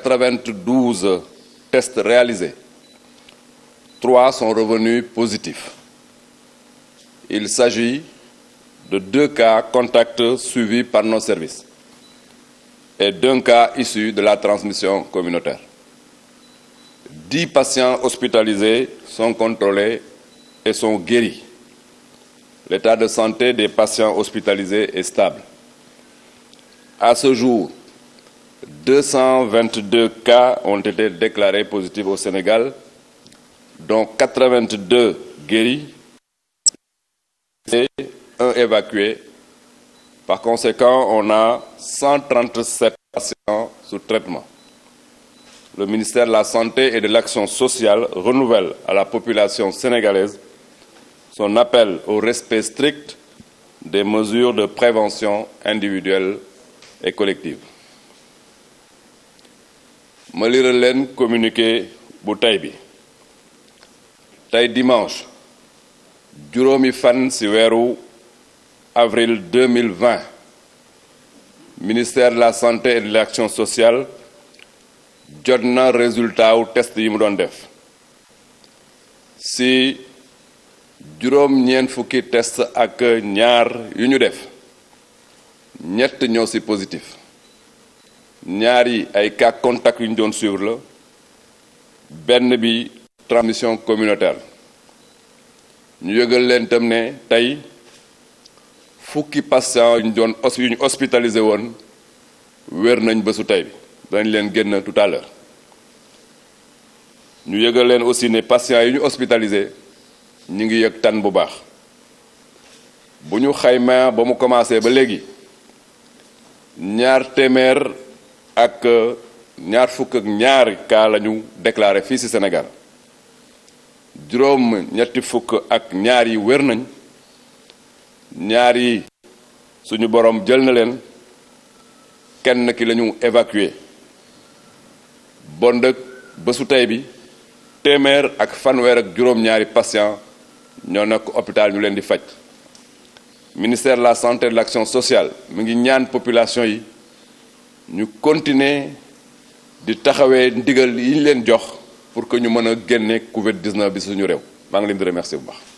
92 tests réalisés, trois sont revenus positifs. Il s'agit de deux cas contacts suivis par nos services et d'un cas issu de la transmission communautaire. Dix patients hospitalisés sont contrôlés et sont guéris. L'état de santé des patients hospitalisés est stable. À ce jour, 222 cas ont été déclarés positifs au Sénégal, dont 82 guéris et 1 évacué. Par conséquent, on a 137 patients sous traitement. Le ministère de la Santé et de l'Action sociale renouvelle à la population sénégalaise son appel au respect strict des mesures de prévention individuelle et collective ma liral leen communiqué bu tey bi dimanche juróomi fan avril 2020 ministère de la santé et de l'action sociale donné le résultat du test de mu Si def ci juróom fukki test ak ñaar yu ñu def ñett positif ñaar yi ay cas contact yu ñu doon suivre la benn bi transmission communautaire ñu yëgal leen tam ne tey fukki patient ñu doon yu ñu hospitalisé woon wér nañ bésu tey bi dañ leen génn tout à l'heure ñu yëgal leen aussi ne patients yi ñu hospitalisé ñu ngi yëg tan bu baax bu ñu xaymaa ba mu commencé ba léegi ñaar téeméer ak euh, ñaar fukk ak ñaari cas la ñu fii ci Sénégal juróom ñetti fukk ak ñaar yi wér nañ ñaar yi suñu boroom jël na leen kenn ki lañu ñu évacué bon dëkk bésu tey bi téeméer ak fanweer ak juróom-ñaari patient ñoo nekk hôpital ñu leen di faj ministère la santé de l'action sociale mu ngi ñaan population yi ñu continuer di taxawee ndigal yi leen jox pour que ñu mën a génne Covid 19 bi suñu réew maa ngi leen di remercier bu baax.